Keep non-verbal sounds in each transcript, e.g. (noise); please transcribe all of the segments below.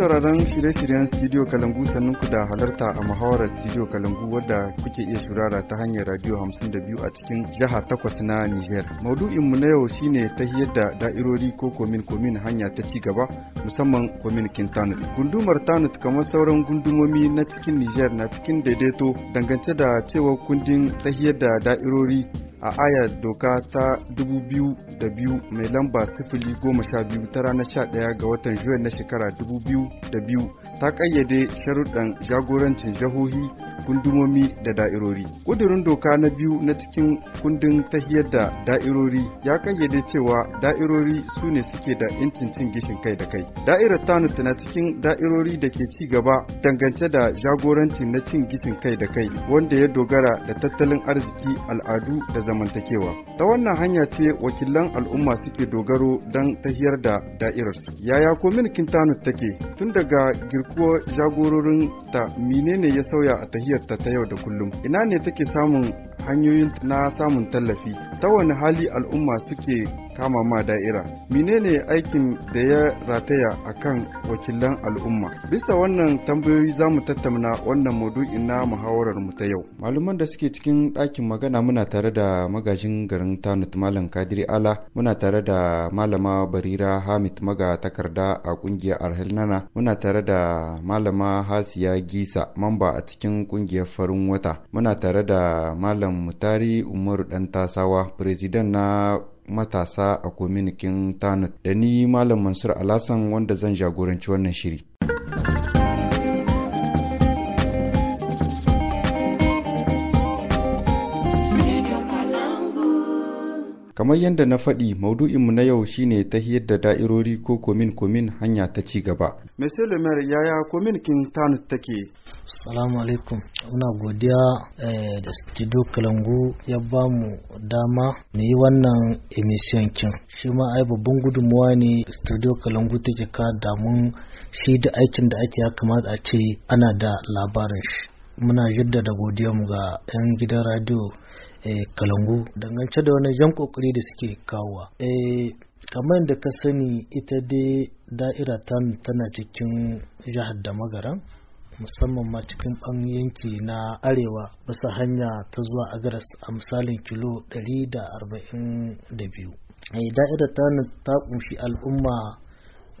sauraron shirye-shiryen studio kalangu sannan ku da halarta a muhawarar studio kalangu wadda kuke iya shurara ta hanyar radio 52 a cikin jihar takwas na niger mu na yau shine ta da da'irori ko komin komin hanya ta ci gaba musamman komin kintanut gundumar tanut kamar sauran gundumomi na cikin niger na cikin daidaito dangance da cewa kundin ta da da'irori a ayar doka ta 2002 mai lamba 012 ta ranar 11 ga watan juyan na shekara 2002 ta kayyade sharuɗan jagorancin jahohi gundumomi da da'irori. Ƙudurin doka na biyu na cikin kundin tahiyar da da'irori ya kayyade cewa da'irori su ne suke da incin cin gishin kai da kai. Da'irar Tanut na cikin da'irori da ke ci gaba dangance da jagorancin na cin gishin kai da kai wanda ya dogara da tattalin arziki al'adu da zamantakewa ta wannan hanya ce wakilan al'umma suke dogaro don tahiyar da da'irarsu yaya komin kintanu take tun daga girkuwa jagororin ta menene ya sauya a tahiyar ta ta yau da kullum ina ne take samun hanyoyin na samun tallafi ta wani hali al'umma suke kama ma da'ira menene aikin da ya rataya a kan wakilan al'umma bisa wannan tambayoyi za mu tattauna wannan mudu na muhawarar mu ta yau malaman da suke cikin ɗakin magana muna tare da da magajin garin tanut malam kadiri ala muna tare da malama barira hamid maga takarda a kungiyar arhelnana muna tare da malama hasiya gisa mamba a cikin kungiyar farin wata muna tare da malam mutari umaru dan tasawa president na matasa a kominikin tanut da ni malam mansur alasan wanda zan jagoranci wannan shiri kamar yadda na faɗi maudu'inmu na yau shine ta hiyar da da'irori ko komin-komin hanya ta ci gaba. Mr. Lemar yaya komin Kintan take? Salamu alaikum. Muna godiya eh, da Studio Kalangu ya ba mu dama na yi wannan emission kin. Shi ma ai babban gudunmuwa ne Studio Kalangu take ka damun shi da aikin da ake ya kamata a ce ana da labarin shi. Muna jaddada mu ga 'yan gidan radio Eh, kalangu dangance da wani jan kokari da suke kawowa eh, kamar da ka sani ita dai da'ira tana cikin jihar da magaran musamman ma cikin ban yanki na arewa bisa hanya ta zuwa a garas a misalin kilo 142 eh, da'ira ta ta kunshi al'umma 221,146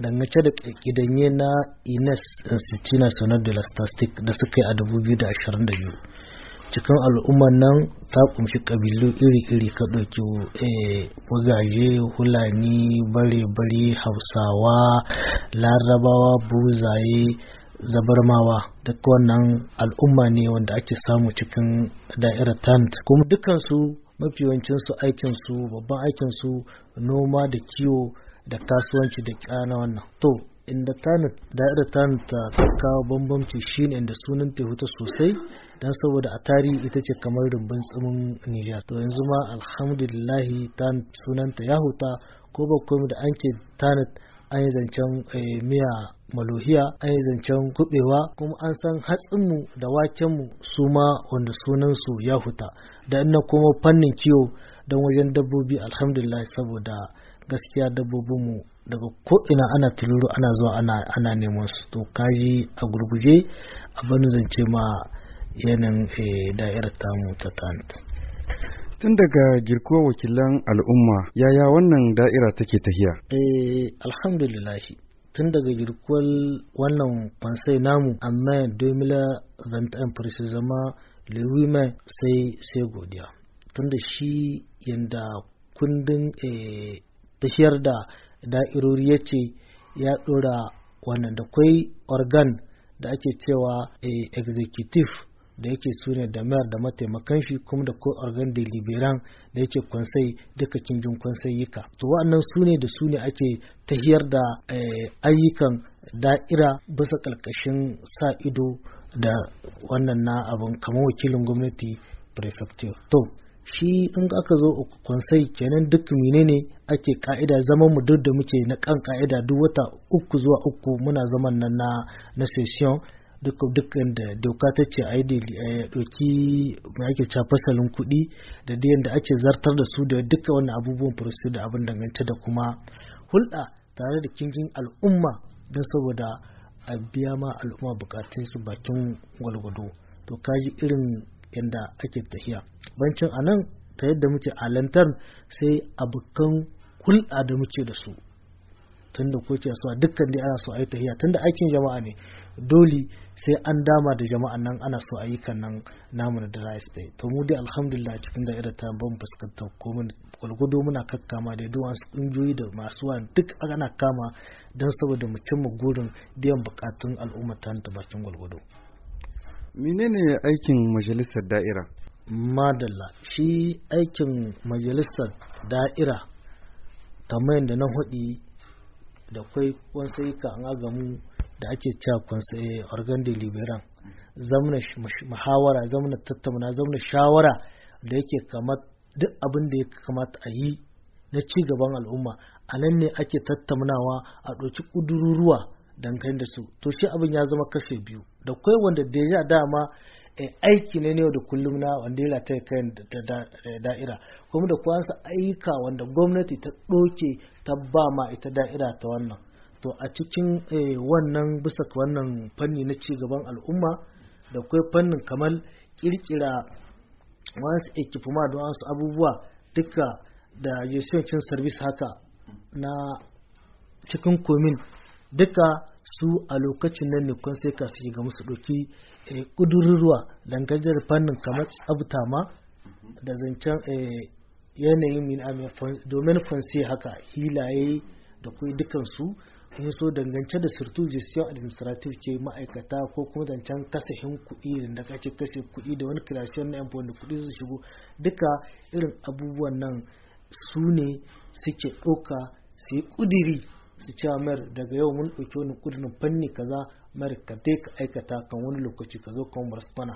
dangance da ƙidanye na ines institut national de la da suka yi a 2022 cikin al'ummar nan ta kumshi ƙabilu iri-iri ka ɗauki wagaje eh, hulani bare-bare hausawa larabawa buzaye zabarmawa duk wannan al'umma ne wanda ake samu cikin da'irar tant kuma dukansu mafi aikin su babban aikin su noma da kiwo da kasuwanci da kyana wannan to inda da'ira tanata ta kawo bambamci shine inda sunan ta huta sosai don saboda a tarihi ita ce kamar rumbun tsimin Nijar. To yanzu ma alhamdulillah sunan sunanta ya huta ko ba da an ce tanat an yi zancen eh, miya maluhiya an yi zancen kubewa kuma an san hatsinmu da wakenmu su ma wanda sunansu ya huta da ina kuma fannin kiwo don wajen dabbobi alhamdulillah saboda gaskiya dabbobinmu daga ko'ina ana tuluru ana zuwa ana neman su to kaji a gurguje bani zance ma yanin eh, da'irar tamu ta tant tun daga girkuwa wakilan al'umma yaya wannan da'ira take tahiya eh alhamdulillah tun daga girkuwar wannan kwansai namu amma 2021 zama lewimen sai sai godiya tun da shi yadda kundin eh, tafiyar da da'irori ya ce ya dora wannan da kwai organ da ake cewa eh, executive da yake sune da mayar da mataimakan shi kuma da kwai organ deliberan da yake kwansai duka kingin kwansayika to wa'annan su ne da su ne ake tahiyar da eh, ayyukan da'ira bisa ƙarƙashin sa ido da wannan na abin kamar wakilin gwamnati prefecture to shi in aka zo kwansai kenan duk menene ake ka'ida zaman mu duk da muke na kan ka'ida duk wata uku zuwa uku muna zaman nan na na session duk da doka ta ce ai da ɗauki mai ake fasalin kuɗi da da ake zartar da su da duka wannan abubuwan prosedur da abin dangance da kuma hulɗa tare da kingin al'umma don saboda a biya ma al'umma bukatun su bakin gwalgwado to kaji irin yadda ake tafiya bancin anan ta yadda muke alantar sai abokan hulɗa da muke da su tunda ko ce suwa dukkan dai ana so a yi tahiya tunda aikin jama'a ne dole sai an dama da jama'an nan ana so ayyukan nan namu da dry state to mu dai alhamdulillah cikin da irin ta ban fuskantar mun gwalgwado muna kakkama da duwan su kungiyoyi da masu wa duk ana kama don saboda mu cimma gurin biyan bukatun al'ummar ta ta bakin gwalgwado menene aikin majalisar da'ira madalla shi aikin majalisar da'ira kamar da na hudi da kwai ka an agamu da ake cewa kwansai organ deliveran zamna muhawara zamna tattauna zamna shawara da yake kamar duk abin da ya kamata a yi na ci gaban al'umma a nan ne ake tattaunawa a ɗauki ƙudururuwa dangane da su to shi abin ya zama kashe biyu da kwai wanda da dama Eh, aiki ne yau da kullum na wanda ya kai da da'ira kuma da kwansa ayyuka wanda gwamnati ta ɗoke ta ba ma ita da'ira ta wannan to a cikin eh, wannan bisa wannan fanni na cigaban al'umma da kwai fannin kamar kirkira wasu ekipuma da wasu abubuwa duka da jesuwancin service haka na cikin komin duka su a lokacin nan ne kwan sai ka su ga musu ɗoki ƙudurruwa eh, dangane da fannin kamar tsabta ma da zancen eh, yanayin min ah, domin fansi haka hilaye da kuma dukansu in so dangance da surtu gestion administrative ke ma'aikata ko kuma zancen kasahin kuɗi da kace kashe kuɗi da wani creation na wanda kuɗi su shigo duka irin abubuwan nan su ne suke ɗauka su yi ƙudiri su ce mayar daga yau mun ɗauki wani ƙudirin fanni kaza marikante ka aikata kan wani lokaci ka zo kan bar spana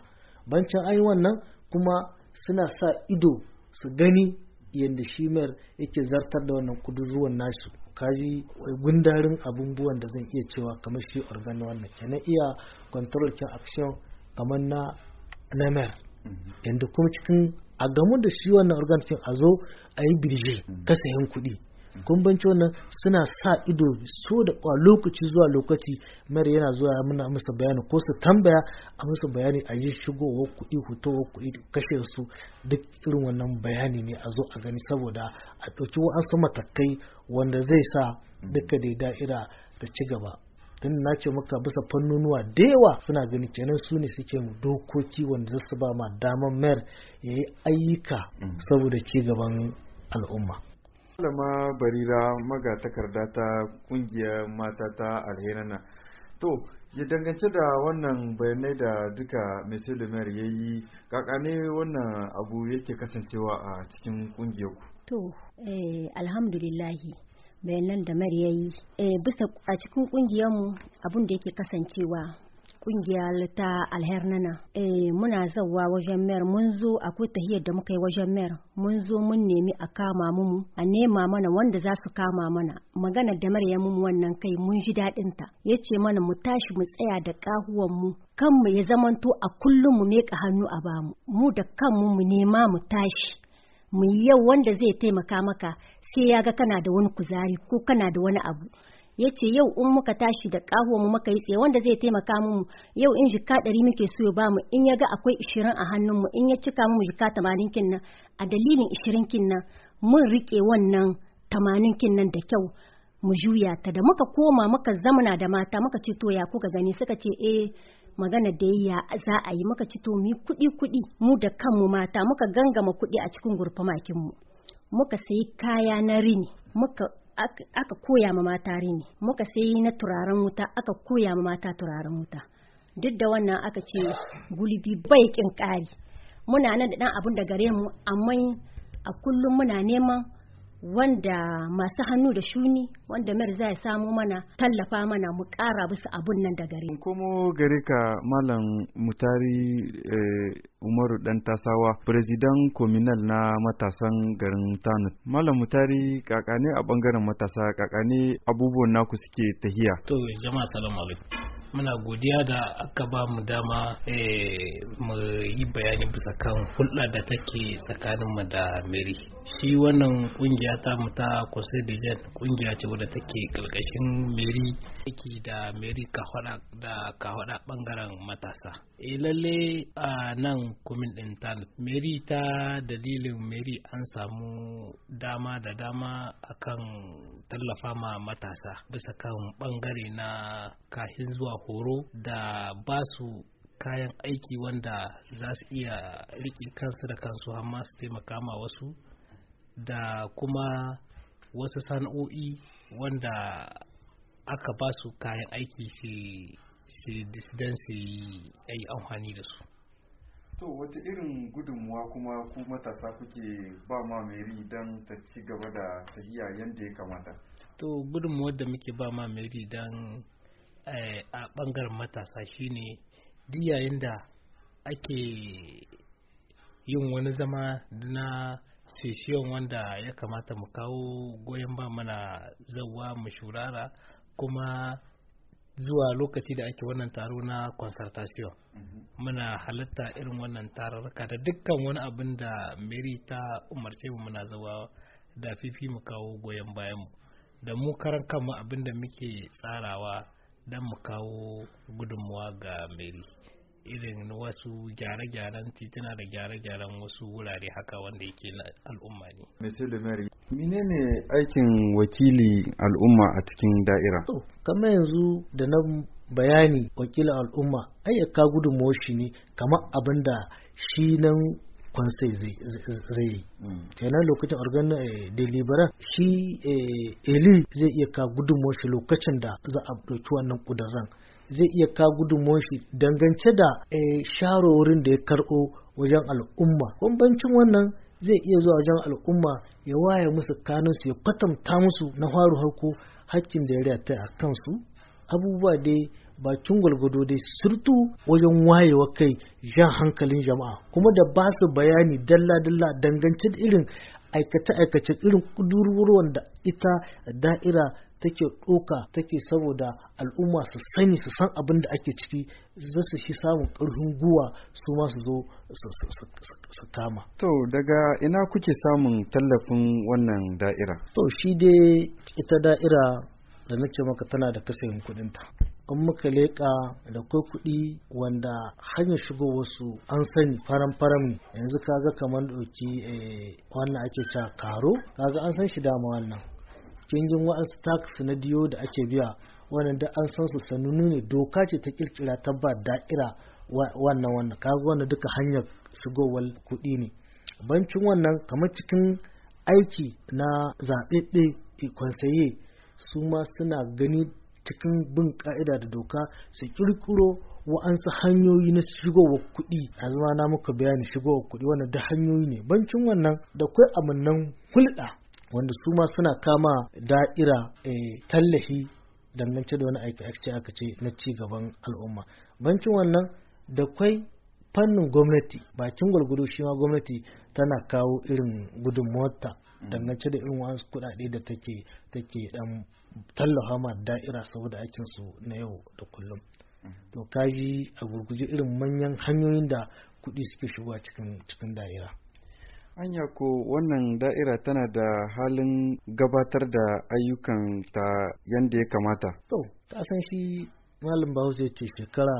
bancin ai wannan kuma suna sa ido su gani yadda shi mayar yake zartar da wannan kuduruwan nasu kaji gundarin abubuwan da zan iya cewa kamar shi organ wannan na iya control kin action kamar na na mayar mm-hmm. yadda kuma cikin a gamu da shi wannan organ a zo a yi birje kasayin kuɗi gumbancin wannan suna sa ido so da lokaci zuwa lokaci mayar yana zuwa ya muna musu bayani ko su tambaya a musu bayani a yi shigowa kuɗi hutowar kuɗi kashe su duk irin wannan bayani ne a zo a gani saboda a ɗauki wa'ansu matakai wanda zai sa duka da da'ira da ci gaba tun na ce maka bisa fannunuwa da yawa suna gani kenan su ne suke dokoki wanda zasu ba ma damar mayar ya yi ayyuka mm. saboda ci gaban al'umma Malama Barira magatakarda ta kungiyar mata ta alherana. To, ya dangance da wannan bayanai da duka Mr. Lumer ya yi, kakane wannan abu yake kasancewa a cikin kungiyar ku. To, eh, alhamdulillahi bayanan da Mar ya yi. Eh, bisa a cikin kungiyarmu abun da yake kasancewa kungiya ta alhernana eh muna zawa wajen mer mun zo akwai tahiyar da muka yi wajen mer mun zo mun nemi a kama mu a nema mana wanda za su kama mana magana da maryam mu wannan kai mun ji dadin ta yace mana mu tashi mu tsaya da kahuwan mu kanmu ya zamanto a kullum mu meka hannu a bamu mu da kanmu mu nema mu tashi mu yi yau wanda zai taimaka maka sai ya ga kana da wani kuzari ko kana da wani abu ya ce yau in muka tashi da kaho mu muka yi tsaye wanda zai taimaka mu yau in jika ɗari muke so ya bamu in ya ga akwai ishirin a hannunmu in ya cika mu jika tamanin kin nan a dalilin ishirin kin nan mun riƙe wannan tamanin kin nan da kyau mu juya ta da muka koma muka zamana da mata muka ce to ya kuka gani suka ce eh magana da ya za a yi muka ci to mu kuɗi kuɗi mu da kanmu mata muka gangama kuɗi a cikin gurfa makinmu muka sayi kaya na rini muka aka koya ma mata rini muka sai na turaren wuta aka koya ma mata turaren wuta duk da wannan aka ce gulbi bai kin kari muna nan da dan abun da gare mu amma a kullum muna neman wanda masu hannu da shuni wanda mayar za ya mana tallafa mana mu ƙara bisa abun nan da gare. Komo gare ka Malam Mutari eh, Umaru Dan Tasawa, Firizidan Kominal na matasan garin TANU. Malam Mutari kakane a bangaren matasa kakane abubuwan naku suke tahiya. To jama'a salamu alaikum. muna godiya da aka ba mu dama eh, mu yi bayani bisa kan hulɗa da take tsakanin mu da meri shi wannan kungiya ta mu ta kwasidijan kungiya ce wadda take kalkashin meri take da meri kahwada da kahwada bangaren matasa e lalle a nan kumin din ta mary ta dalilin meri an samu dama da dama akan tallafa ma matasa bisa kan ɓangare na kahin zuwa horo da ba su kayan aiki wanda za su iya riƙe kansu da kansu amma su taimaka ma wasu da kuma wasu sana'o'i wanda aka ba su kayan aiki don su yi amfani da su to wata irin gudunmuwa kuma ku matasa kuke ba ma meri don ta ci gaba da tafiya yadda ya kamata to gudunmuwa da muke ba ma meri don Eh, a bangaren matasa shine duk yayin da ake yin wani zama na session wanda ya kamata mu kawo goyon ba mana zawa mu shurara kuma zuwa lokaci da ake wannan taro na concertation mm-hmm. muna halatta irin wannan tararraka da dukkan wani abin da mary ta umarce mu muna zawa da fifi mu kawo goyon bayan mu da mu karan kanmu abin da muke tsarawa don mu kawo gudunmuwa ga meri irin wasu gyare-gyaren tituna da gyare-gyaren wasu wurare haka wanda yake na al'umma ne. menene aikin wakili al'umma a cikin da'ira? to kama yanzu da na bayani wakilin al'umma ayyaka gudummawa shi ne kamar abin da shi nan kwansai zai yi mm. kenan lokacin organ eh, deliberan shi eh, eli zai iya ka gudunmuwar shi lokacin da za a ɗauki wannan ƙudurran zai iya ka gudunmuwar shi dangance da eh, sharorin da ya karɓo wajen al'umma bambancin wannan zai iya zuwa wajen al'umma ya waye musu su ya kwatanta musu na faru harko hakkin da ya rata a kansu abubuwa dai bakin gwalgwado dai surtu wajen wayewa kai jan hankalin jama'a kuma da ba su bayani dalla-dalla dangance da irin aikace-aikace irin kudurwurwan da ita da'ira take ɗoka take saboda al'umma su sani su san abin da ake ciki za su shi samun ƙarfin guwa su ma su zo su kama. To daga ina kuke samun tallafin wannan da'ira? To shi dai ita da'ira da nake maka tana da kasayin kuɗinta. in muka leƙa da kai kuɗi wanda hanyar shigo wasu an sani faran faram ne yanzu kaga kamar ɗauki eh, wannan ake cewa karo kaga an san shi dama wannan kingin wa'ansu tax na diyo da ake biya wannan da an san su sanunu ne doka ce ta kirkira ta ba da'ira wannan wannan kaga wannan duka hanyar shigowar kuɗi ne bancin wannan kamar cikin aiki na zaɓeɓɓe eh, kwansaye su ma suna gani cikin bin ka'ida da doka su kirkiro wa'ansu hanyoyi na shigowa kuɗi a zama na muka bayani shigowa kuɗi wannan da hanyoyi ne bancin wannan da kwai amannan hulɗa wanda su ma suna kama da'ira eh, tallafi dangance da wani aikace aka ce na ci gaban al'umma bancin wannan da kwai fannin gwamnati bakin gwalgwado shi ma gwamnati tana kawo irin gudunmuwarta dangance da irin wasu kuɗaɗe da take take dan tallafa ma da'ira saboda aikin su na yau da kullum mm-hmm. to kaji a gurguje irin manyan hanyoyin da kuɗi suke shigowa cikin cikin da'ira anya ko wannan da'ira tana da halin gabatar da ayyukan ta yadda ya kamata to ta san shi malam bahaushe ce shekara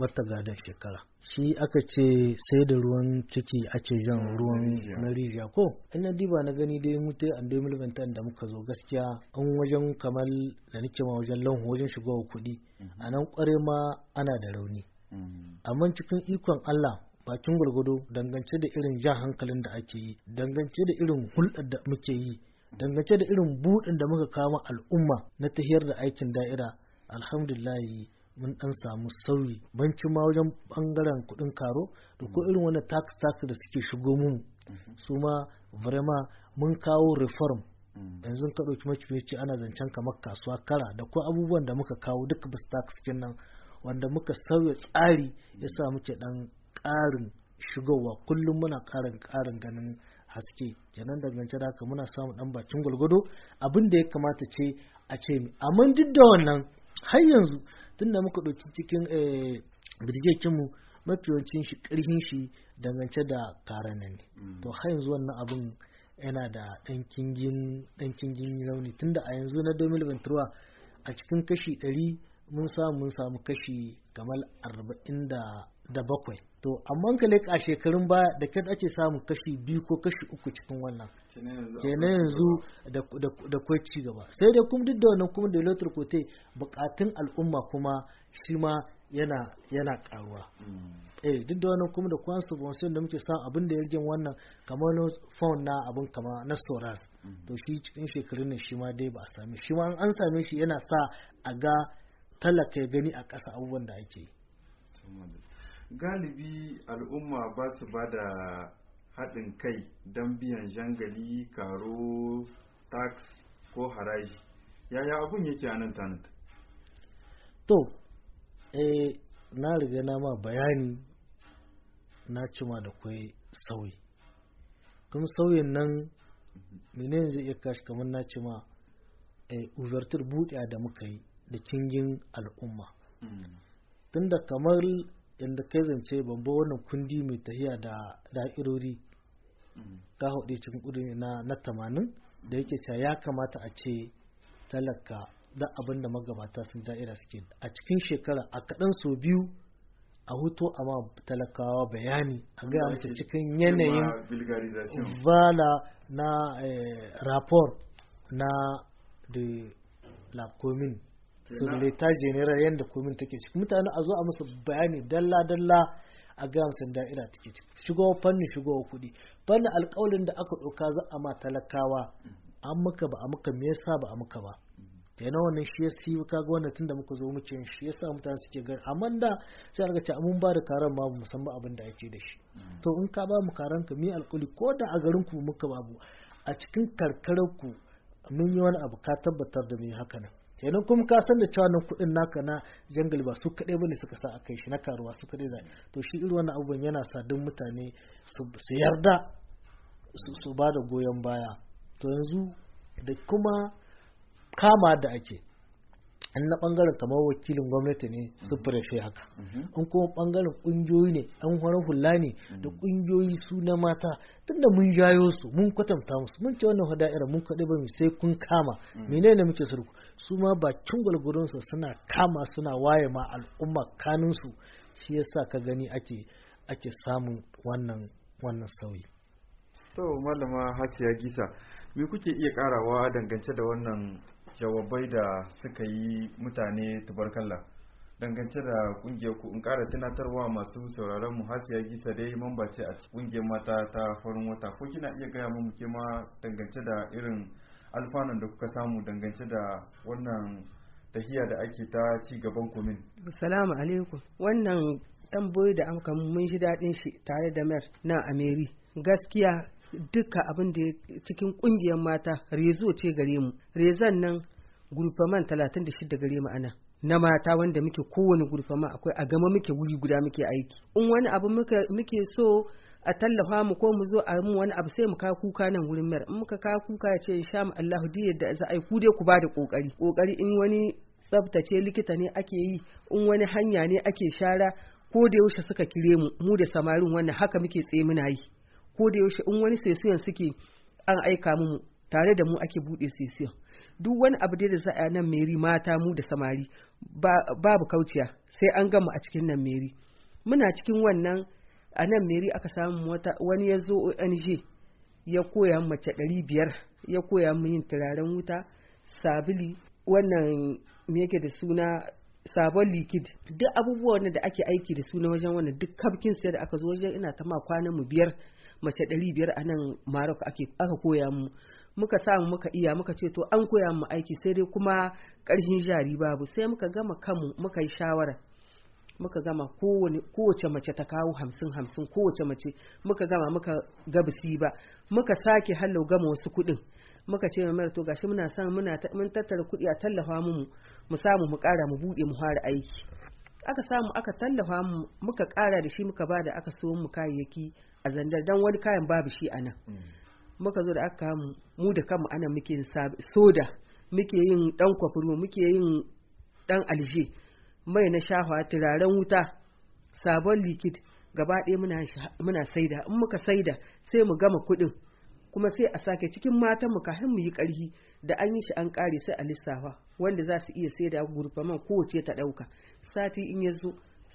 bata gada shekara shi aka ce sai da ruwan ciki ake jan ruwan na rijiya ko in na diba na gani dai mutu an dai mulbantan da muka zo gaskiya an wajen kamar da nake ma wajen lanhu wajen wa kuɗi mhm. a nan kware ma ana da rauni mhm. amma cikin ikon Allah bakin gwargwado dangance da irin jan hankalin da ake yi dangance da irin hulɗar da muke yi dangance da irin buɗin da muka kama al'umma na tahiyar da aikin da'ira alhamdulillah mun dan samu sauyi banci ma wajen bangaren kuɗin karo da ko irin wani tax tax da suke shigo mun mhm. su ma vraiment mun kawo reform mm. yanzu ka ɗauki ce ana zancen kamar kasuwa kara da ko abubuwan da muka kawo duka bus tax cikin nan wanda muka sauya tsari ya sa muke dan ƙarin shigowa kullum muna ƙarin karin ganin haske kenan zance da haka muna samun dan bakin gwalgwado abin da ya kamata ce a ce mi amma duk da wannan har yanzu tunda muka ɗauki cikin eh, birgekinmu mafi yawancin shi ƙarfin shi dangance da kara nan ne mm. to har yanzu wannan abin yana da ɗan kingin rauni tunda a yanzu na 2023 a cikin kashi 100 mun samu mun samu kashi kamar arba'in da da bakwai to amma ka leƙa shekarun baya da kyan ake samun kashi biyu ko kashi uku cikin wannan kenan yanzu da kwai ci gaba sai dai kuma duk da wannan kuma da lotar kote bukatun al'umma kuma shi ma yana yana karuwa mm. eh duk da wannan kuma da kwan subvention da muke sa abin da ya rage wannan kamar na phone na abin kama na soras mm. to shi cikin shekarun nan shi ma dai ba a same shi ma an same shi yana sa a ga talaka ya gani a ƙasa abubuwan da ake yi galibi al'umma ba su ba da haɗin kai don biyan jangali karo tax ko haraji yaya abun yake a nan to eh na riga na ma bayani na cima da kwai sauyi kuma sauyin nan mene zai iya kashi kamar na cima eh, uvertur buɗe da muka yi da kingin al'umma mm. tunda kamar yadda kai zance ban wannan kundi mai tahiya da da'irori ta mm. hudu cikin kudi na tamanin da yake cewa ya kamata a ce talaka da abin da magabata sun da'ira suke a cikin shekara a kaɗan sau biyu a hutu a ma talakawa bayani a gaya musu cikin yanayin vala na eh, rapor na de la commune so ta jenera yadda komin take ciki mutane a zo a musu bayani dalla dalla a ga musu da'ira take ciki shigo fannin shigo kuɗi fannin alƙawalin da aka ɗauka za a ma talakawa an muka ba a muka me yasa ba a muka ba kenan wannan shi yasa ka ga wannan tunda muka zo muke yin shi yasa mutane suke a amma da sai aka ce mun ba da karan ma musamman abin da ake da shi hmm. to in ka ba mu karan ka mi alƙuli ko da a garin ku muka babu a cikin karkarar ku mun yi wani abu ka tabbatar da mu haka nan kenan kuma ka san da cewa nan kuɗin naka na jangal ba su kaɗai bane suka sa akai shi na karuwa su kaɗai zai to shi irin wannan abubuwan yana sa duk mutane su yarda su ba da goyon baya to yanzu da kuma kama da ake an na bangaren kamar wakilin gwamnati ne mm-hmm. su fi haka mm-hmm. an kuma bangaren kungiyoyi ne an horar hula ne da kungiyoyi mm-hmm. su na mata tunda mun jayo su mun kwatanta musu mun ce wannan hada'ira mun kaɗe ba mu sai kun kama menene muke sarku su ma bakin gwalgwadon su suna kama suna waye ma al'umma kanin su shi yasa ka gani ake ake samun wannan wannan sauyi to malama hatiya gisa me kuke iya karawa dangance da wannan jawabai da suka yi mutane tubarkalla dangance da kungiyar ku in kara tunatarwa masu sauraron mu hasiya gisa dai mamba ce a kungiyar mata ta farin wata ko kina iya gaya mu muke ma dangance da irin alfanun da kuka samu dangance da wannan tahiya da ake ta ci gaban kumin. Assalamu alaikum. Wannan tambayoyi da amka mun shi daɗin shi tare da mer na Ameri. Gaskiya duka abin da cikin kungiyar mata rezo ce gare mu rezon nan gurfaman 36 gare mu ana na mata wanda muke kowane gurfama akwai a gama muke wuri guda muke aiki in wani abu muke so a tallafa mu ko mu zo a mu wani abu sai mu ka kuka nan wurin mayar in muka ka kuka ya ce sha mu Allahu diya da za a yi ku dai ku bada kokari kokari in wani tsabtace likita ne ake yi in wani hanya ne ake shara ko da yaushe suka kire mu mu da samarin wannan haka muke tsaye muna yi ko da yaushe in wani sesiyon suke an aika mu tare da mu ake bude sesiyon duk wani abu da za a nan meri mata mu da samari babu kauciya sai an gama a cikin nan meri muna cikin wannan a nan meri aka samu wani ya zo ong ya koya mace ɗari biyar ya koya mu yin turaren wuta sabili wannan me yake da suna sabon likid duk abubuwan da ake aiki da su na wajen wannan duk kafkin sai da aka zo wajen ina ta ma kwana mu biyar mace ɗari biyar a nan marok aka koya mu muka samu muka iya muka ce to an koya mu aiki sai dai kuma ƙarfin jari babu sai muka gama kanmu muka yi shawara muka gama kowace mace ta kawo hamsin hamsin kowace mace muka gama muka gabisi ba muka sake hallau gama wasu kuɗin muka ce mai to gashi muna son muna mun tattara kuɗi a tallafa mu mu samu mu ƙara mu buɗe mu fara aiki aka samu aka tallafa muka ƙara da shi muka ba da aka so mu kayayyaki a zandar dan wani kayan babu shi a nan mm. muka zo da aka mu da kanmu ana muke yin soda muke yin dan kwafuru muke yin dan alje mai na shafa turaren wuta sabon likit gaba ɗaya muna saida in muka saida sai mu gama kuɗin kuma sai a sake cikin matan mu kafin mu yi ƙarfi da an yi shi an ƙare sai a lissafa wanda za su iya saida gurfaman kowace ta ɗauka sati in ya zo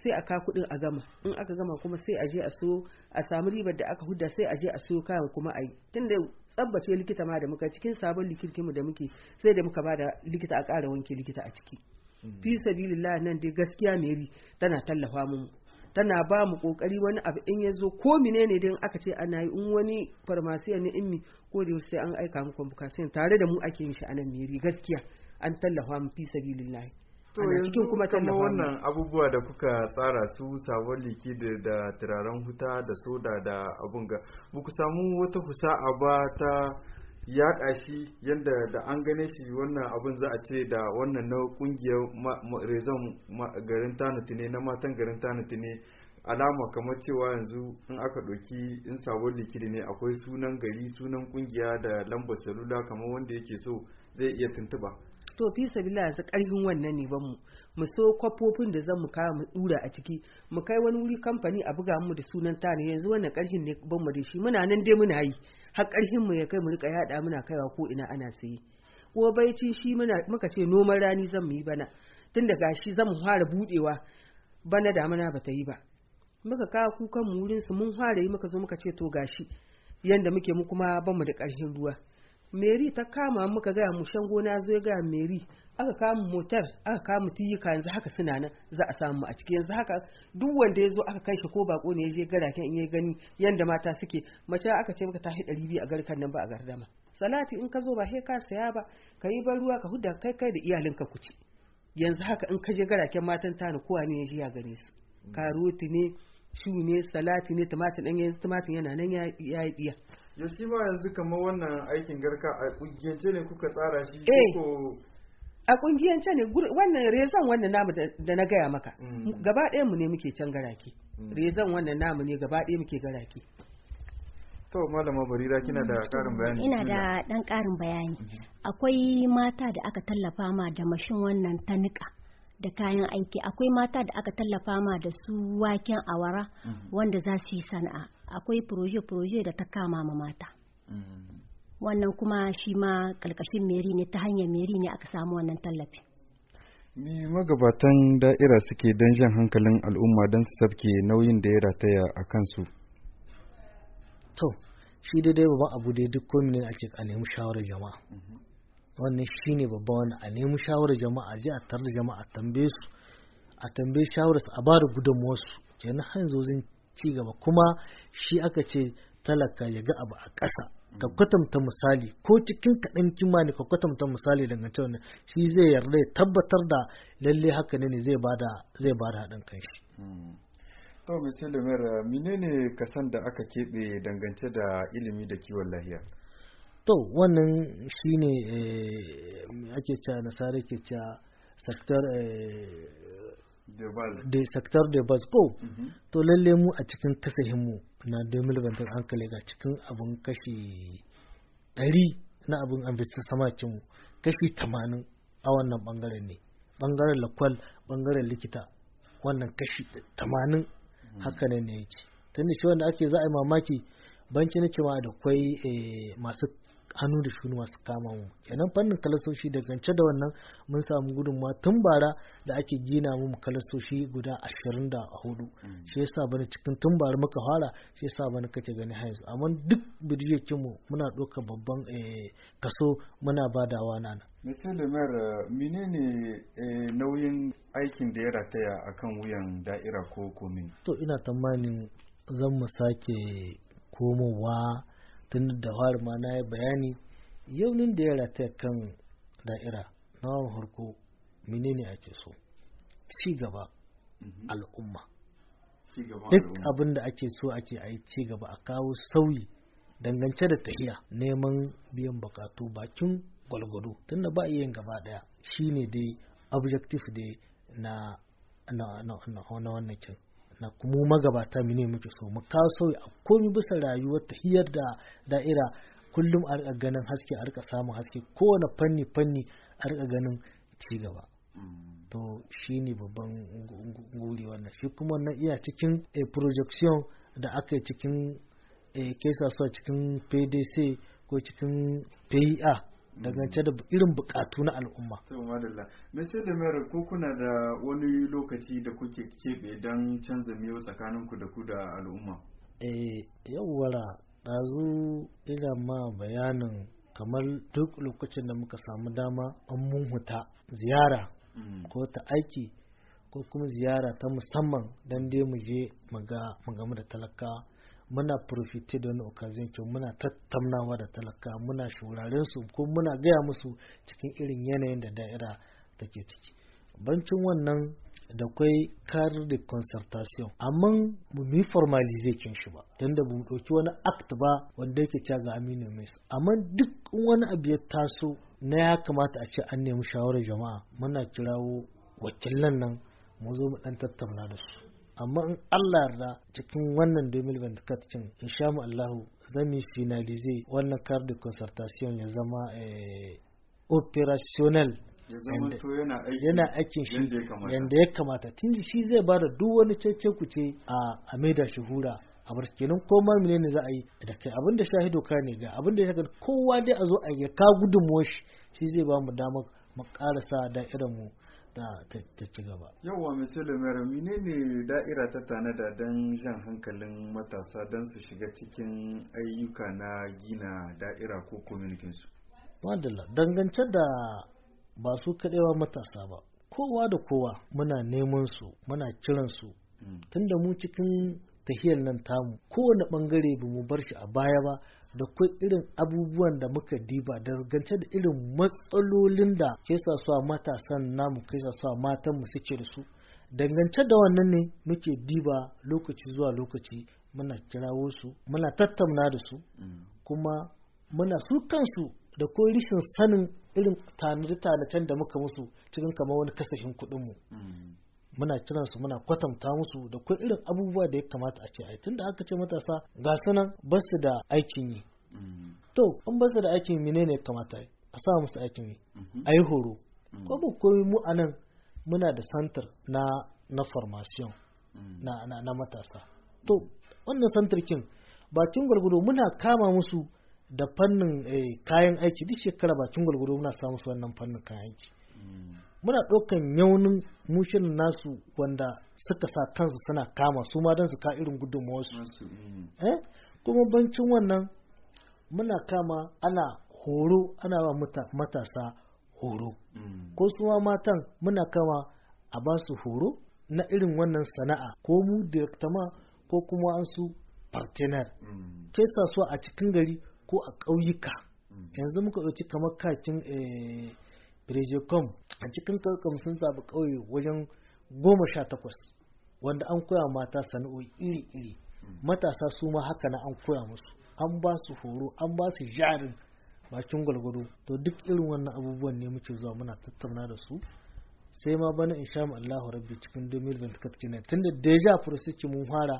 sai a kawo kuɗin a gama in aka gama kuma sai a je a so a samu ribar da aka hudda sai a je a so kayan kuma a yi tunda tsabbace likita ma da muka cikin sabon likirkinmu da muke sai da muka bada likita a ƙara wanke likita a ciki mm. fi sabilillah nan dai gaskiya meri tana tallafa mu tana ba mu kokari wani abu in ya zo ko mine ne dan aka ce ana yi in wani farmasiya ne immi ko da sai an aika mu convocation tare da mu ake yin shi anan meri gaskiya an tallafa mu fi sabilillah to yanzu kuma kama wannan abubuwa da kuka tsara su sabon likidi da turaren huta da soda da abun ga buku samu wata a ba ta ya shi yadda da an gane shi wannan abun za a ce da wannan na kungiyar rezon garin tanuti ne na matan garin tanuti ne alama kamar cewa yanzu in aka ɗauki in sabon likidi ne akwai sunan gari sunan kungiya da lambar salula kamar wanda yake so zai iya tuntuba to fi sabila yanzu karfin wannan ne ba mu mu so kwafofin da zan mu kawo mu dura a ciki mu kai wani wuri kamfani a buga mu da sunan ta ne yanzu wannan karfin ne ban mu da shi muna nan dai muna yi har karfin mu ya kai mu rika yada muna kaiwa ko ina ana sayi ko baici shi muna muka ce noman rani zan mu yi bana tun da gashi zan mu fara budewa bana damuna ba ta yi ba muka kawo kukan mu wurin su mun fara yi muka zo muka ce to gashi yanda muke mu kuma ban mu da karfin ruwa meri ta kama muka gaya mu shan gona zo ya gaya meri aka kama motar aka kama tiyuka yanzu haka suna nan za a samu a ciki yanzu haka duk wanda ya zo aka kai shi ko bako ne ya je garaken in ya gani yanda mata suke mace aka ce maka ta hi ɗari biyu a garkan nan ba a gardama salati in ka zo ba sai ka saya ba ka yi ban ruwa ka huda kai kai da iyalinka ku ci yanzu haka in ka je garaken matan ta ne kowa ne ya je ya gare su mm. karoti ne shu ne salati ne tumatir ɗan yanzu tumatir yana nan ya yi ɗiya ya shi yanzu kamar wannan aikin garka a kungiyance ne kuka tsara shi eh. ko a kungiyance ne wannan rezan wannan namu da na gaya maka mm. gaba ɗaya mu ne muke can garaki mm. rezan wannan namu ne gaba ɗaya muke garaki to malama barira kina da karin mm. bayani ina da dan karin bayani akwai mata da aka tallafa ma da mashin wannan ta nika da kayan aiki akwai mata da aka tallafa ma da su waken awara wanda za su yi sana'a akwai proje-proje da ta kama ma mata mm. wannan kuma shi ma ƙarƙashin meri ne ta hanyar meri ne aka samu wannan tallafi Me magabatan da'ira suke don jan hankalin al'umma don su sabke nauyin da ya rataya a kansu? To, shi daidai babban abu dai duk komi ne ake a nemi shawarar jama'a. Mm-hmm. Wannan shi ne babban wani a nemi shawarar jama'a je a tare da jama'a a tambaye su, a tambaye shawarar su a bada da su Kenan har ci gaba kuma shi aka ce talaka ya ga abu a ƙasa ka kwatanta misali ko cikin kaɗan ne ka kwatanta misali cewa ne shi zai yarda ya tabbatar da lalle haka ne ne zai bada zai haɗin kan shi. Hmm. to mr lumer menene kasan da aka keɓe dangance da ilimi da kiwon lahiya to wannan ne eh, ake cewa nasara ke cewa sektar eh, da sektar da basco to lalle mu a cikin kasahin mu na 2020 hankali ga cikin abin kashi 100 na abin ambistar samakin mu kashi 80 a wannan bangaren ne bangaren lakwal bangaren likita wannan kashi 80 mhm. haka ne ne yake tunda shi wanda ake za a yi mamaki banci na cewa da kwai eh, masu hannu da shunuwa su kama mu kenan fannin kalasoshi da gance da wannan mun samu gudunmawa tun bara da ake gina mu kalasoshi guda ashirin da hudu mm. shi yasa bana cikin tun bara muka fara shi yasa bana kace gani har yanzu amma duk bidiyokin mu muna ɗaukar babban eh, kaso muna badawa nan Mr. Lumer, menene eh, nauyin aikin da ya rataya a kan wuyan da'ira ko komi? To, ina tamanin zan mu sake komowa tun da fari ma na yi bayani yau yaunin da ya rataya kan da'ira na wani harko menene ake so ci gaba mhm. al'umma duk abin da ake so ake a yi ci gaba a kawo sauyi dangance da tahiya neman biyan bukatu bakin gwalgwado tunda ba iya yin gaba daya shine dai objective dai na wannan kin na kuma magabata mine muke so mu kaso a komi bisa rayuwar ta hiyar da da'ira kullum a rika ganin haske a rika samun haske kowane fanni fanni a rika ganin ci gaba to shi ne babban guri wannan shi kuma na iya cikin a eh, projection da aka yi cikin eh, a kesa cikin pdc ko cikin pia e dangance da irin bukatu na al'umma. Mr. Demer ko kuna da wani lokaci da kuke keɓe don canza miyo tsakaninku da ku da al'umma? Eh, yawwara ɗazu ina ma bayanin kamar duk lokacin da muka samu dama an mun huta ziyara mm. ko ta aiki ko kuma ziyara ta musamman don dai mu je mu gamu da talaka muna profite da wani occasion kyau muna tattaunawa da talaka muna shuraren su ko muna gaya musu cikin irin yanayin da da'ira take ciki bancin wannan da kwai karar da concertation amma mu mi formalize kin shi ba don da mu ɗauki wani act ba wanda yake ca ga aminu mai amma duk wani abu ya taso na ya kamata a ce an nemi shawarar jama'a muna kirawo wakilan nan mu zo mu ɗan tattauna da su amma in Allah yarda cikin wannan 2024 cin sha mu Allahu zan yi finalize wannan card de concertation ya zama eh, operational yana aikin shi yadda ya kamata tun shi zai ba da duk wani cece kuce a maida shi hura a barkinin kenan ne za a yi da kai abin da shahido ka ne ga abin da ya kowa dai a zo a ya ka gudunmuwar shi zai ba mu damar mu ƙara sa da irin mu ta ci gaba. Yawwa Mr. Lumera ne da'ira ta tanada don jan hankalin matasa don su shiga cikin ayyuka na gina da'ira ko su. Madalla dangance da ba su kaɗewa matasa ba kowa da kowa muna neman su muna kiran su mm. tunda mu cikin tahiyar nan tamu kowane bangare ba mu bar shi a baya ba da kai irin abubuwan da muka diba da gance da irin matsalolin da ke sa matasan namu ke sa mu suke da su dangance da wannan ne muke diba lokaci zuwa lokaci muna kirawo su muna tattauna da su mm. kuma muna su kansu da ko rishin sanin irin tanadi-tanacen da muka musu cikin kamar wani kasashen kuɗinmu mm. muna kiran su muna kwatanta musu da kuma irin abubuwa da ya kamata a ce ai tunda aka ce matasa ga sanan ba su da aikin yi mm-hmm. to an ba su da aikin yi menene ya kamata a sa musu aikin yi mm-hmm. a yi horo mm-hmm. ko ba koyi mu a nan muna da santar na na formation na na, matasa to wannan santar kin bakin gwargwado muna kama musu da fannin eh, kayan aiki duk shekara bakin gwargwado muna sa musu wannan fannin kayan aiki muna ɗaukan yaunin mushin nasu wanda suka sa kansu suna kama su ma don su ka irin gudunmawarsu mm. eh kuma bancin wannan muna kama ana horo ana wa matasa horo mm. ko su ma matan muna kama a ba su horo na irin wannan sana'a ko mu ma ko kuma an su partenar mm. ke a cikin gari ko a ƙauyuka yanzu muka ɗauki kamar kakin eh, Prejecom a cikin kalkam sun zaɓi ƙauye wajen goma sha takwas wanda an koya mata sana'o'i iri-iri matasa su ma haka na an koya musu an ba su horo an ba su jarin bakin gwalgwado to duk irin wannan abubuwan ne muke zuwa muna tattauna da su sai ma bana in sha Allahu rabbi cikin 2024 kenan tunda deja fursuki mun fara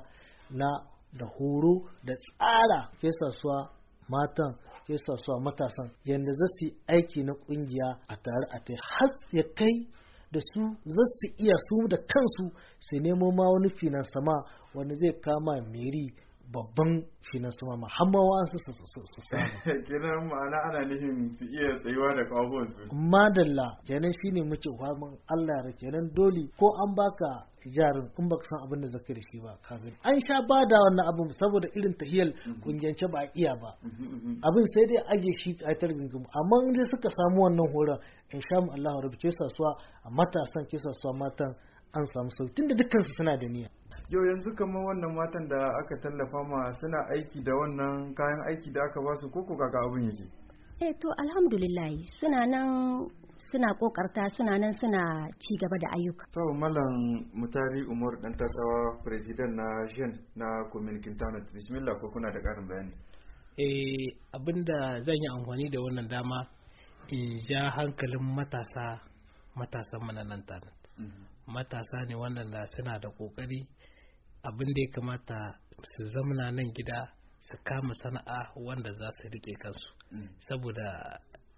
na da horo da tsara fesa suwa matan ya sa su matasan yadda za su yi aiki na kungiya a tare a tai har ya kai da su za su iya su da kansu su nemo ma wani sama wanda zai kama meri babban finan ma har ma wa'ansu su samu. (laughs) kenan ma'ana ana nufin su iya tsayuwa da kafofinsu. madalla kenan shine muke kwamin Allah da kenan dole ko an baka jarin in baka san abin da zaka da shi ba ka gani an sha bada wannan abin saboda irin tahiyal mm-hmm. kungiyance ba iya ba mm-hmm, mm-hmm. abin sai dai aje shi a targingim amma in dai suka samu wannan horon in sha mu Allah rabbi ke a matasan ke sasuwa matan an samu sauki tunda dukkan su suna da niyya yau yanzu kamar wannan matan da aka tallafa ma suna aiki da wannan kayan aiki da aka basu koko kaga abin yake eh to alhamdulillah suna nan suna kokarta suna nan suna ci gaba da ayyuka to mallam mutari umar dan tasawa president na jen na communication internet bismillah ko kuna da karin bayani eh abinda zan yi amfani da wannan dama in ja hankalin matasa matasan mana nan mm-hmm. matasa ne wannan suna da kokari abin da ya kamata su zamana nan gida su kama sana'a wanda za su rike kansu mm. saboda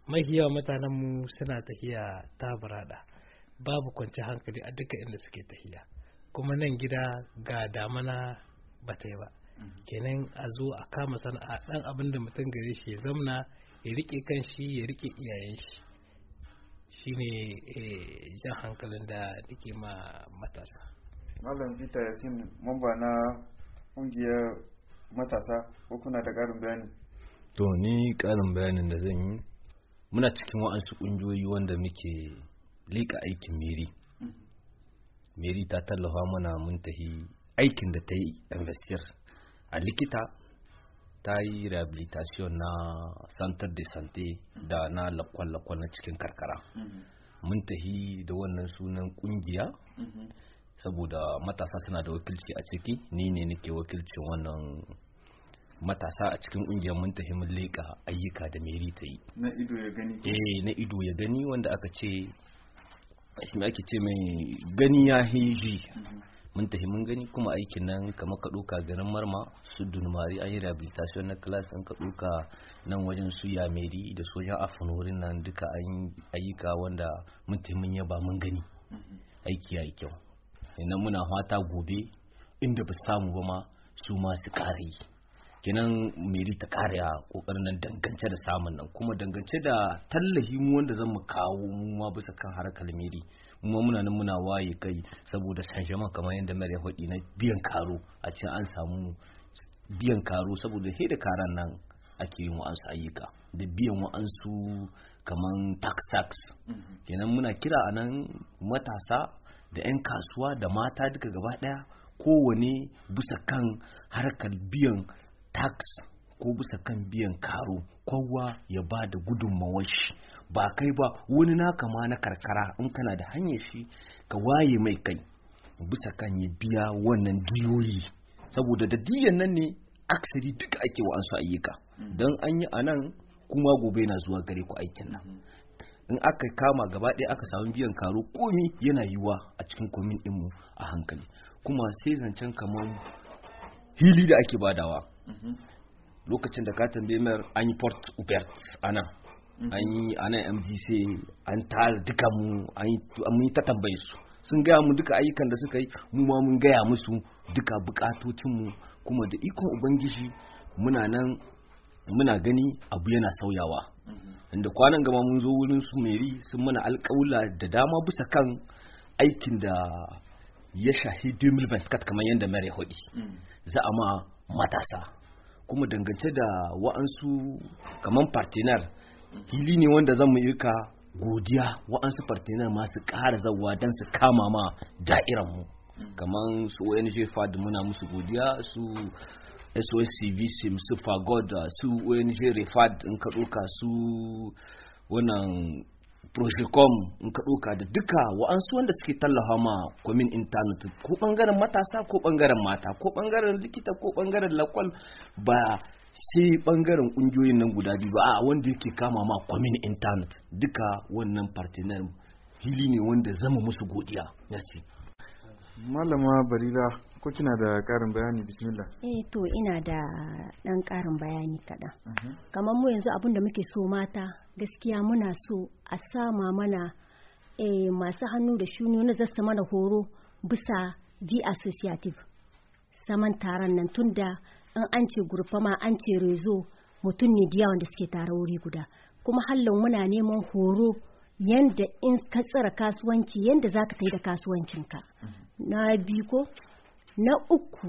mutanen mutanenmu suna tahiya ta burada babu kwanci hankali a duka inda suke tahiya kuma nan gida ga damana ba ta yi ba mm. kenan a zo a kama sana'a dan abin da mutum gare shi ya zamana ya rike kanshi ya rike iyayen shi shine eh, jan hankalin da take ma matasa malam peter yasin mamba na kungiyar matasa ko kuna da karin bayani to ni karin bayanin da zan yi muna cikin wa'ansu kungiyoyi wanda muke lika aikin meri mm-hmm. meri ta tallafa mana mun tahi aikin da ta yi investir a likita ta yi rehabilitation na santar de sante da na lakwal-lakwal na cikin karkara mm-hmm. mun tahi da wannan sunan kungiya mm-hmm. saboda matasa suna da wakilci a ciki ni ne nake wakilcin wannan matasa a cikin ƙungiyar mun tafi mun leƙa ayyuka da meri ta yi na ido ya gani eh na ido ya gani wanda aka ce shi me ake ce mai gani ya hiji mm-hmm. mun tafi mun gani kuma aikin nan kamar ka ɗauka garin marma su dunmari an yi rehabilitation na class an ka ɗauka nan wajen su meri da sojan afinorin nan duka an ayyuka wanda mun tafi mun yaba mun gani mm-hmm. aiki ya yi kyau kenan muna fata gobe inda ba samu ba ma su ma su kare yi kenan meri ta kare a kokarin nan dangance da samun nan kuma dangance da tallahi mu wanda zan mu kawo mu ma bisa kan harkar miri mu muna nan muna waye kai saboda san jama'a kamar yadda mare hudi na biyan karo a ce an samu biyan karo saboda he karan nan ake yin wa'ansu ayyuka da biyan wa'ansu kaman tax tax mm-hmm. kenan muna kira a nan matasa da 'yan kasuwa da mata duka gaba daya kowane bisa kan harkar biyan tax ko bisa kan biyan karo kowa ya ba da gudunmawar shi ba kai ba wani naka ma na karkara in kana da hanyar shi ka waye mai kai bisa kan ya biya wannan diyoyi saboda da diyan nan ne aksari duka ake wa'ansu ayyuka mm. don an yi a nan kuma gobe na zuwa gare ku aikin nan mm-hmm. in aka kama gaba ɗaya aka samu biyan karo komi yana yiwuwa a cikin komin ɗinmu a hankali kuma sai zancen kamar hili da ake badawa mhm. lokacin da ka tambaye mayar an yi port ubert ana mhm. an yi ana mgc an tara duka mu an yi ta tambaye su sun gaya mu duka ayyukan da suka yi mu ma mun gaya musu duka bukatocinmu kuma da ikon ubangiji muna nan muna gani abu yana sauyawa mhm. inda kwanan gama mun zo wurin su meri sun mana alƙawula da dama bisa kan aikin da ya shahi dumil baskat kamar yadda mare hudi mm. za a ma matasa kuma dangance da wa'ansu kamar partinar fili ne wanda zan mu irka godiya wa'ansu partinar masu ƙara zawa don su kama ma da'iranmu mm. kamar su ONG FAD muna musu godiya su socv uh, su fagoda su ong refad in ka ɗauka su wannan projecom in ka doka da duka wa'ansu wanda suke tallafa ma kwamin intanet ko ɓangaren matasa ko ɓangaren mata ko ɓangaren likita ko ɓangaren lakwal ba sai ɓangaren ƙungiyoyin nan guda biyu ba a wanda yake kama ma kwamin intanet duka wannan partner fili ne wanda zama musu godiya malama barira ko kina da karin bayani bismillah eh to ina da dan karin bayani kaɗan mhm. kamar mu yanzu abun da muke so mata gaskiya muna so a sama mana eh, masu hannu da shuni na zasta mana horo bisa di associative saman taron nan tunda in an ce gurfa ma an ce rezo mutum ne diya wanda suke tare wuri guda kuma hallon muna neman horo yanda in ka tsara kasuwanci yanda za ka da kasuwancinka mhm. na biyu ko na uku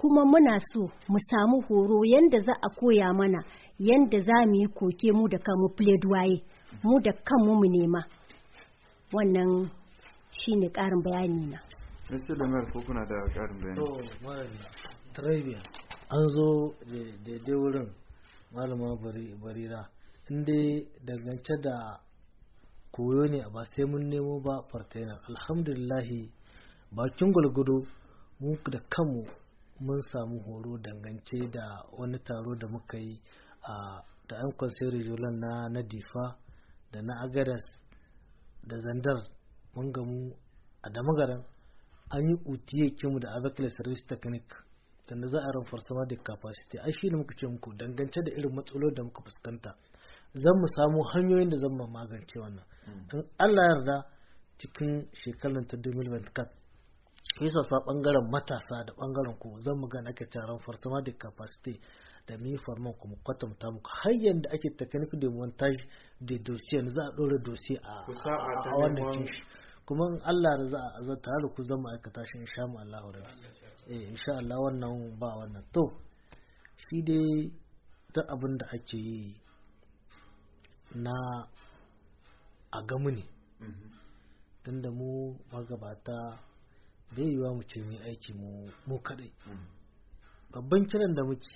kuma muna so mu samu horo yadda za a koya mana yadda za mu yi koke mu da kanmu waye mu da kanmu mu nema wannan shi ne karin bayani na Mr. ko kuna da karin bayani to an zo daidai wurin malama barira inda dangance da koyo ne ba sai mun nemo ba fartainar alhamdulillahi bakin gulgudu mu da kanmu mun samu horo dangance da wani taro da muka yi a da 'yan kwansiyar na na difa da na agaras da zandar mun gamu a damagaran an yi utiye kimu da abakila service technique na za a ranfarsama da capacity a shi ne muka ce muku dangance da irin matsalolin da muka fuskanta zan mu samu hanyoyin da zan magance wannan mm. in allah yarda cikin shekarar ta 2024 bisa sa bangaren matasa da bangaren ku zan mu gana ka taron farsama da capacity da mi farman kuma kwatanta muku har yanda ake technical de montage de dossier za a dora dossier a wannan kishi kuma in Allah da za a azata da ku zama aikata shi insha Allah eh insha Allah wannan ba wannan to shi dai duk abin da ake yi na a gamu ne mm-hmm. tunda mu magabata da yiwa mu ce mu aiki mu kadai hmm. babban kiran da muke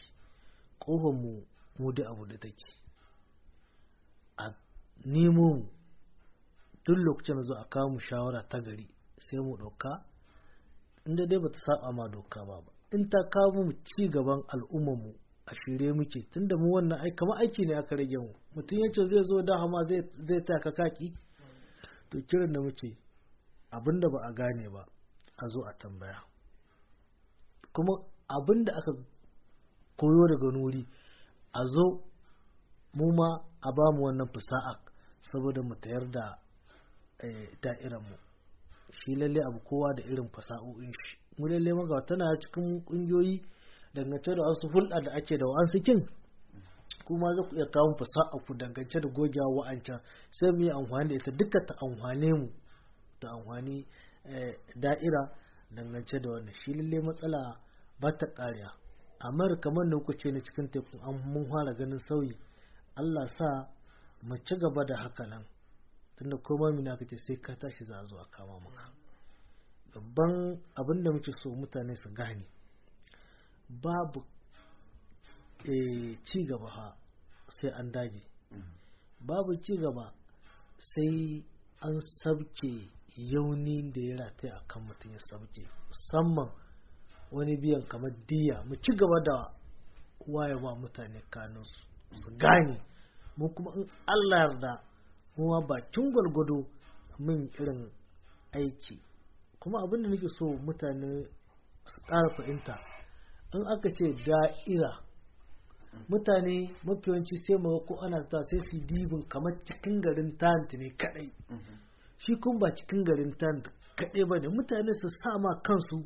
kofar mu mu da abu da take a nemo mu duk lokacin da zo a kawo mu shawara ta gari sai mu ɗauka inda dai bata saba ma doka ba ba in ta kawo mu ci gaban al'ummar mu a shirye muke tunda mu wannan ai kamar aiki ne aka rage mu mutum yace zai zo da hama zai zai taka kaki to kiran da muke abinda ba a gane ba a zo a tambaya kuma abin da aka koyo daga nuri a zo mu ma a ba mu wannan fasa'a saboda mu tayar da eh, da'iranmu shi lalle abu kowa da irin fasa'o'in shi mu lalle maga tana cikin kungiyoyi dangance da wasu hulɗa da ake da wa'ansu kin kuma za ku iya kawo fasa'a ku dangance da gogewa wa'ancan sai mu yi amfani da ita duka ta amfane mu ta amfani Eh, da'ira dangance da wannan shi lalle matsala ba ta ƙariya amma kamar da kuce ne cikin tekun an mun fara ganin sauyi Allah sa mu ci gaba da haka nan tunda komai mina kace sai ka tashi za a kama maka babban abin da muke so mutane su gane babu eh, ci gaba sai an dage mm-hmm. babu ci gaba sai an sabke yauni da ya rataya a kan mutum ya sauke musamman wani biyan kamar diya mu ci gaba da wayewa mutane kanu su gane mu kuma in allah yarda kuma bakin gwalgwado min irin aiki kuma abin da nake so mutane su ƙara fahimta in aka ce da'ira mutane mafi yawanci sai mu ko ana ta sai su dibin kamar cikin garin tant ne kadai mm-hmm. shi kun ba cikin garin tan kaɗai ba ne mutane su sama kansu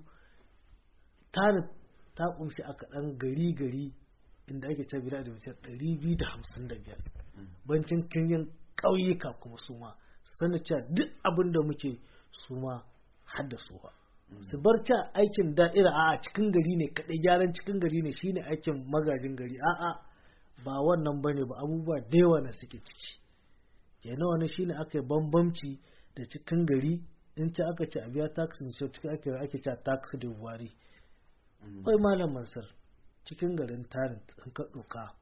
tare ta kunshi a kaɗan gari gari inda ake ce bida da misal ɗari biyu da hamsin da biyar bancin kinyin ƙauyuka kuma su ma sani cewa duk abin da muke su ma haddasa ba su bar ca aikin da'ira a'a cikin gari ne kaɗai gyaran cikin gari ne shine aikin magajin gari a'a ba wannan bane ba abubuwa da yawa na suke ciki kenan wani shine aka yi bambamci da cikin gari in ci aka ci a biya tax in so cikin ake ake ci tax da buwari kai mm. malam mansur cikin garin tarin in ka doka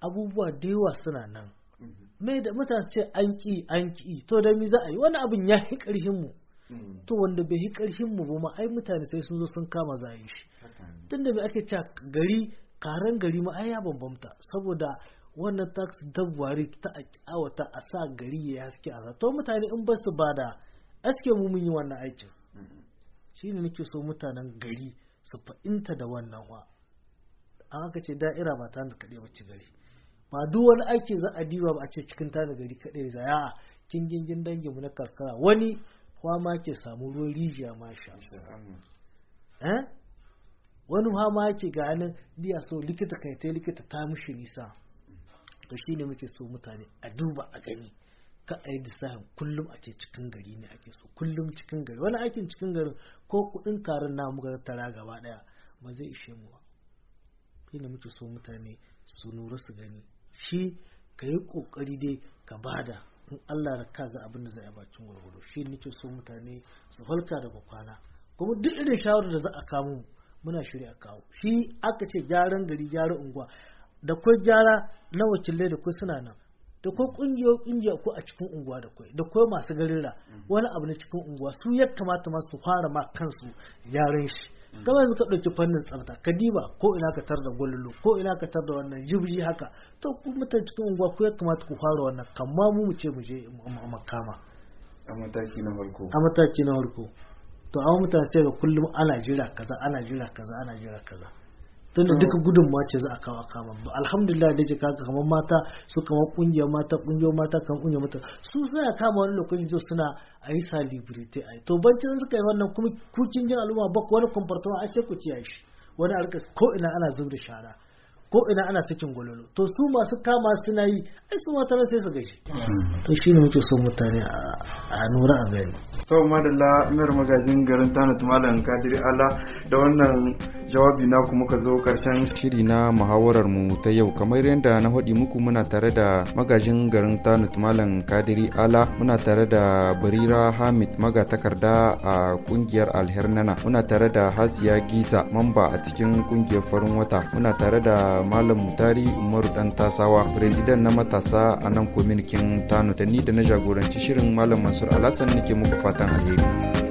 abubuwa da suna nan mai mm-hmm. da mutane ce an ki an ki to da mi za a yi wani abin ya hi karhin mu mm. to wanda bai hi karhin mu ba ma ai mutane sai sun zo sun kama za shi tunda bai ake ci gari karan gari ma ai ya bambamta saboda wannan tax dabwari ta a kyawata a sa gari ya haske a zato mutane in ba su bada aske mu mun yi wannan aikin shine nake so mutanen gari su fa'inta da wannan wa an haka ce da'ira ba ta da kaɗai ci gari ba duk wani aiki za a diba ba a ce cikin ta da gari kaɗai za a kin gingin dangin mu na karkara wani ma ke samu ruwan rijiya ma sha eh? wani ma ke ga diya so likita kai ta likita ta mishi nisa to shi ne muke so mutane a duba a gani ka a yi disahin kullum a ce cikin gari ne ake so kullum cikin gari wani aikin cikin gari ko kuɗin karin na muka tara gaba daya ba zai ishe mu ba shi ne muke so mutane su nura su gani shi ka yi ƙoƙari dai ka bada in Allah da ka ga abin da zai a bakin shi shi muke so mutane su falka daga kwana kuma duk irin shawarar da za a kawo muna shirya kawo shi aka ce gyaran gari gyaran unguwa da kwai jara na wacce da kwai suna nan da kwai kungiyo kungiya ko a cikin unguwa da kwai da kwai masu garira wani abu na cikin unguwa su ya kamata ma su fara ma kansu yaran shi mm. kamar yanzu ka ɗauki fannin tsafta ka diba ko ina ka tar da gwalolo ko ina ka tar da wannan jibji haka to ku mutane cikin unguwa ko ya kamata ku fara wannan kamma mu mu ce mu je makama a mataki na farko a mataki na farko to a mutane sai ga kullum ana jira kaza ana jira kaza ana jira kaza tunda mm. duka ma ce za a kawo kama ba alhamdulillah da jika ka kamar mata su kamar kungiyar mata kungiyar mata kan kungiyar mata su za a kama wani lokaci zo suna a yi salibirite a yi to cin suka yi wannan kuma kukin jin al'umma ba wani kwamfartawa a sai ku ciya wani alƙas ko ina ana zubar shara ko ina ana sakin gwalolo to su masu kama suna yi ai su mata sai su gaishe hmm. to shi ne muke son mutane a nura a gani to madalla amir magajin garin tana tumalan kadiri ala da wannan jawabi na kuma ka zo karshen shiri na muhawarar mu ta yau kamar yadda na haɗi muku muna tare da magajin garin tana tumalan kadiri ala muna tare da barira hamid takarda a kungiyar alhernana muna tare da hasiya gisa mamba a cikin kungiyar farin wata muna tare da da Malam Mutari Umaru Dan Tasawa, Firizidan na matasa a nan kominikin Tano, da ni da na jagoranci shirin Malam Mansur Alhassan nake muku fatan alheri.